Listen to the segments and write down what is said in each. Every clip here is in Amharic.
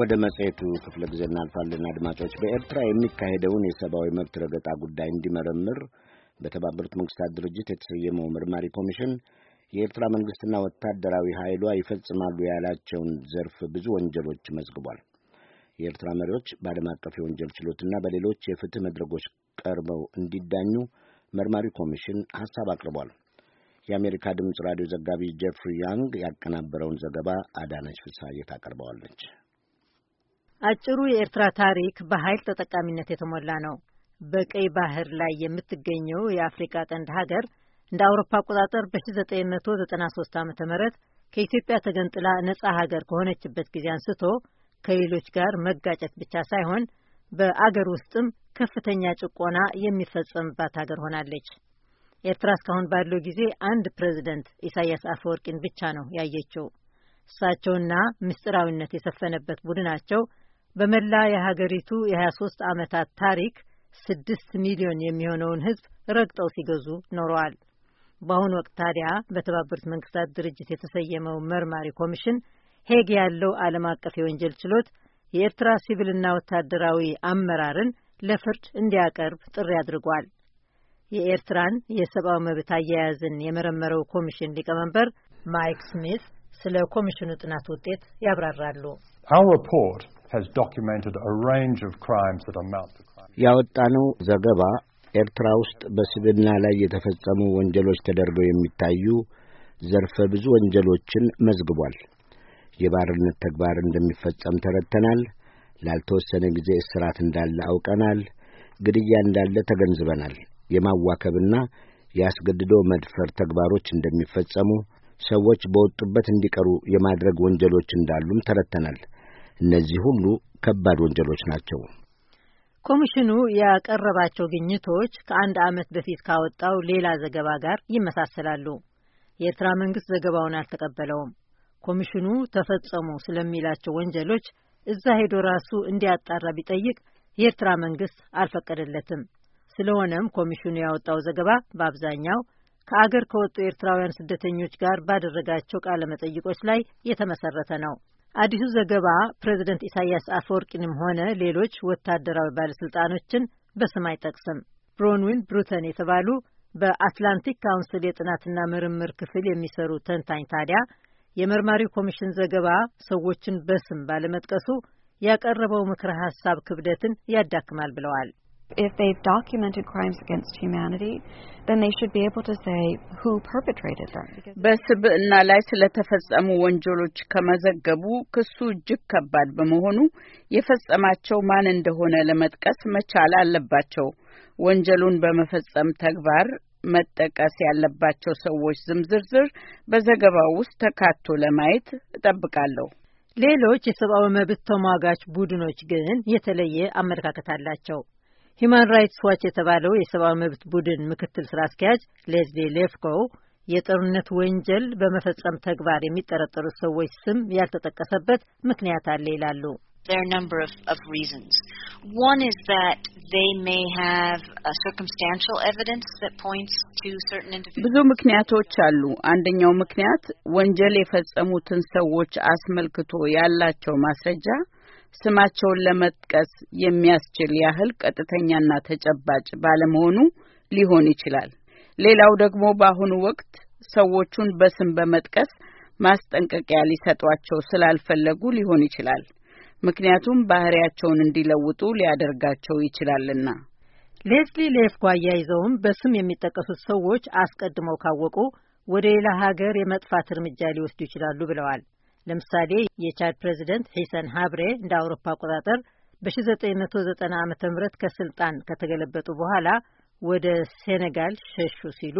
ወደ መጽሔቱ ክፍለ ጊዜ እናልፋለን። አድማጮች በኤርትራ የሚካሄደውን የሰብአዊ መብት ረገጣ ጉዳይ እንዲመረምር በተባበሩት መንግስታት ድርጅት የተሰየመው መርማሪ ኮሚሽን የኤርትራ መንግስትና ወታደራዊ ኃይሏ ይፈጽማሉ ያላቸውን ዘርፍ ብዙ ወንጀሎች መዝግቧል። የኤርትራ መሪዎች በዓለም አቀፍ የወንጀል ችሎትና በሌሎች የፍትህ መድረኮች ቀርበው እንዲዳኙ መርማሪ ኮሚሽን ሀሳብ አቅርቧል። የአሜሪካ ድምፅ ራዲዮ ዘጋቢ ጄፍሪ ያንግ ያቀናበረውን ዘገባ አዳነች ፍሳዬ ታቀርበዋለች። አጭሩ የኤርትራ ታሪክ በኃይል ተጠቃሚነት የተሞላ ነው። በቀይ ባህር ላይ የምትገኘው የአፍሪካ ቀንድ ሀገር እንደ አውሮፓ አቆጣጠር በ1993 ዓ ም ከኢትዮጵያ ተገንጥላ ነጻ ሀገር ከሆነችበት ጊዜ አንስቶ ከሌሎች ጋር መጋጨት ብቻ ሳይሆን በአገር ውስጥም ከፍተኛ ጭቆና የሚፈጸምባት ሀገር ሆናለች። ኤርትራ እስካሁን ባለው ጊዜ አንድ ፕሬዚደንት ኢሳያስ አፈወርቂን ብቻ ነው ያየችው። እሳቸውና ምስጢራዊነት የሰፈነበት ቡድናቸው በመላ የሀገሪቱ የ23 ዓመታት ታሪክ ስድስት ሚሊዮን የሚሆነውን ሕዝብ ረግጠው ሲገዙ ኖረዋል። በአሁኑ ወቅት ታዲያ በተባበሩት መንግስታት ድርጅት የተሰየመው መርማሪ ኮሚሽን ሄግ ያለው ዓለም አቀፍ የወንጀል ችሎት የኤርትራ ሲቪልና ወታደራዊ አመራርን ለፍርድ እንዲያቀርብ ጥሪ አድርጓል። የኤርትራን የሰብአዊ መብት አያያዝን የመረመረው ኮሚሽን ሊቀመንበር ማይክ ስሚት ስለ ኮሚሽኑ ጥናት ውጤት ያብራራሉ። Our report ያወጣነው ዘገባ ኤርትራ ውስጥ በስብና ላይ የተፈጸሙ ወንጀሎች ተደርገው የሚታዩ ዘርፈ ብዙ ወንጀሎችን መዝግቧል። የባርነት ተግባር እንደሚፈጸም ተረድተናል። ላልተወሰነ ጊዜ እስራት እንዳለ አውቀናል። ግድያ እንዳለ ተገንዝበናል። የማዋከብና የአስገድዶ መድፈር ተግባሮች እንደሚፈጸሙ፣ ሰዎች በወጡበት እንዲቀሩ የማድረግ ወንጀሎች እንዳሉም ተረድተናል። እነዚህ ሁሉ ከባድ ወንጀሎች ናቸው። ኮሚሽኑ ያቀረባቸው ግኝቶች ከአንድ ዓመት በፊት ካወጣው ሌላ ዘገባ ጋር ይመሳሰላሉ። የኤርትራ መንግስት ዘገባውን አልተቀበለውም። ኮሚሽኑ ተፈጸሙ ስለሚላቸው ወንጀሎች እዛ ሄዶ ራሱ እንዲያጣራ ቢጠይቅ የኤርትራ መንግስት አልፈቀደለትም። ስለሆነም ኮሚሽኑ ያወጣው ዘገባ በአብዛኛው ከአገር ከወጡ ኤርትራውያን ስደተኞች ጋር ባደረጋቸው ቃለ መጠይቆች ላይ የተመሰረተ ነው። አዲሱ ዘገባ ፕሬዚደንት ኢሳያስ አፈወርቂንም ሆነ ሌሎች ወታደራዊ ባለሥልጣኖችን በስም አይጠቅስም። ብሮንዊን ብሩተን የተባሉ በአትላንቲክ ካውንስል የጥናትና ምርምር ክፍል የሚሰሩ ተንታኝ ታዲያ የመርማሪው ኮሚሽን ዘገባ ሰዎችን በስም ባለመጥቀሱ ያቀረበው ምክረ ሀሳብ ክብደትን ያዳክማል ብለዋል። If they've documented crimes against humanity, then they should be able to say who perpetrated them. በስብዕና ላይ ስለተፈጸሙ ወንጀሎች ከመዘገቡ ክሱ እጅግ ከባድ በመሆኑ የፈጸማቸው ማን እንደሆነ ለመጥቀስ መቻል አለባቸው። ወንጀሉን በመፈጸም ተግባር መጠቀስ ያለባቸው ሰዎች ዝምዝርዝር በዘገባው ውስጥ ተካቶ ለማየት እጠብቃለሁ። ሌሎች የሰብአዊ መብት ተሟጋች ቡድኖች ግን የተለየ አመለካከት አላቸው። ሂዩማን ራይትስ ዋች የተባለው የሰብአዊ መብት ቡድን ምክትል ስራ አስኪያጅ ሌዝሊ ሌፍኮ የጦርነት ወንጀል በመፈጸም ተግባር የሚጠረጠሩት ሰዎች ስም ያልተጠቀሰበት ምክንያት አለ ይላሉ። There are a number of, of reasons. One is that they may have uh, circumstantial evidence that points to certain individuals. ብዙ ምክንያቶች አሉ። አንደኛው ምክንያት ወንጀል የፈጸሙትን ሰዎች አስመልክቶ ያላቸው ማስረጃ ስማቸውን ለመጥቀስ የሚያስችል ያህል ቀጥተኛና ተጨባጭ ባለመሆኑ ሊሆን ይችላል። ሌላው ደግሞ በአሁኑ ወቅት ሰዎቹን በስም በመጥቀስ ማስጠንቀቂያ ሊሰጧቸው ስላልፈለጉ ሊሆን ይችላል። ምክንያቱም ባህሪያቸውን እንዲለውጡ ሊያደርጋቸው ይችላልና። ሌስሊ ሌፍኮ አያይዘውም በስም የሚጠቀሱት ሰዎች አስቀድመው ካወቁ ወደ ሌላ ሀገር የመጥፋት እርምጃ ሊወስዱ ይችላሉ ብለዋል። ለምሳሌ የቻድ ፕሬዚደንት ሂሰን ሀብሬ እንደ አውሮፓ አቆጣጠር በ1990 ዓ ም ከስልጣን ከተገለበጡ በኋላ ወደ ሴኔጋል ሸሹ ሲሉ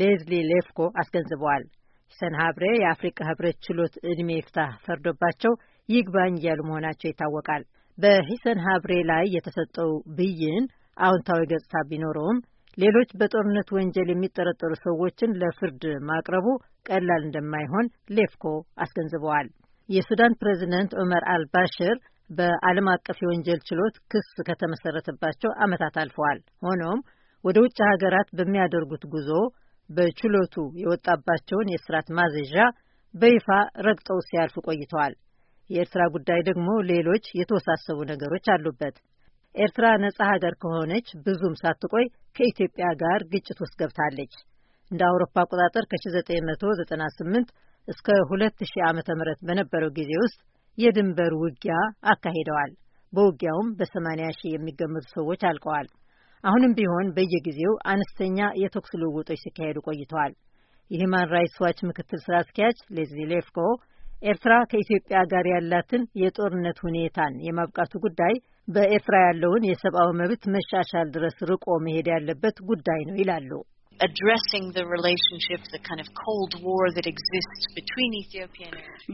ሌዝሊ ሌፍኮ አስገንዝበዋል። ሂሰን ሀብሬ የአፍሪካ ህብረት ችሎት ዕድሜ ይፍታህ ፈርዶባቸው ይግባኝ እያሉ መሆናቸው ይታወቃል። በሂሰን ሀብሬ ላይ የተሰጠው ብይን አዎንታዊ ገጽታ ቢኖረውም ሌሎች በጦርነት ወንጀል የሚጠረጠሩ ሰዎችን ለፍርድ ማቅረቡ ቀላል እንደማይሆን ሌፍኮ አስገንዝበዋል። የሱዳን ፕሬዚደንት ዑመር አልባሽር በዓለም አቀፍ የወንጀል ችሎት ክስ ከተመሰረተባቸው ዓመታት አልፈዋል። ሆኖም ወደ ውጭ ሀገራት በሚያደርጉት ጉዞ በችሎቱ የወጣባቸውን የእስራት ማዘዣ በይፋ ረግጠው ሲያልፉ ቆይተዋል። የኤርትራ ጉዳይ ደግሞ ሌሎች የተወሳሰቡ ነገሮች አሉበት። ኤርትራ ነጻ ሀገር ከሆነች ብዙም ሳትቆይ ከኢትዮጵያ ጋር ግጭት ውስጥ ገብታለች። እንደ አውሮፓ አቆጣጠር ከ1998 እስከ 2000 ዓ ም በነበረው ጊዜ ውስጥ የድንበር ውጊያ አካሂደዋል። በውጊያውም በ80 ሺህ የሚገመቱ ሰዎች አልቀዋል። አሁንም ቢሆን በየጊዜው አነስተኛ የተኩስ ልውውጦች ሲካሄዱ ቆይተዋል። የሂማን ራይትስ ዋች ምክትል ስራ አስኪያጅ ሌዝሊ ሌፍኮ ኤርትራ ከኢትዮጵያ ጋር ያላትን የጦርነት ሁኔታን የማብቃቱ ጉዳይ በኤርትራ ያለውን የሰብአዊ መብት መሻሻል ድረስ ርቆ መሄድ ያለበት ጉዳይ ነው ይላሉ።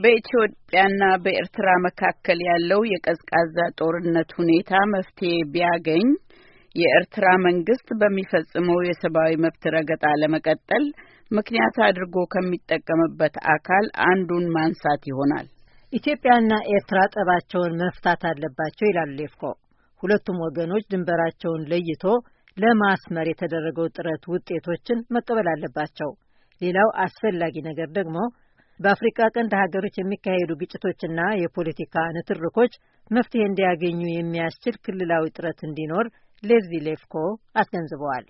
በኢትዮጵያና በኤርትራ መካከል ያለው የቀዝቃዛ ጦርነት ሁኔታ መፍትሄ ቢያገኝ የኤርትራ መንግስት በሚፈጽመው የሰብአዊ መብት ረገጣ ለመቀጠል ምክንያት አድርጎ ከሚጠቀምበት አካል አንዱን ማንሳት ይሆናል። ኢትዮጵያና ኤርትራ ጠባቸውን መፍታት አለባቸው ይላል ሌፍኮ። ሁለቱም ወገኖች ድንበራቸውን ለይቶ ለማስመር የተደረገው ጥረት ውጤቶችን መቀበል አለባቸው። ሌላው አስፈላጊ ነገር ደግሞ በአፍሪካ ቀንድ ሀገሮች የሚካሄዱ ግጭቶችና የፖለቲካ ንትርኮች መፍትሄ እንዲያገኙ የሚያስችል ክልላዊ ጥረት እንዲኖር ሌዚ ሌፍኮ አስገንዝበዋል።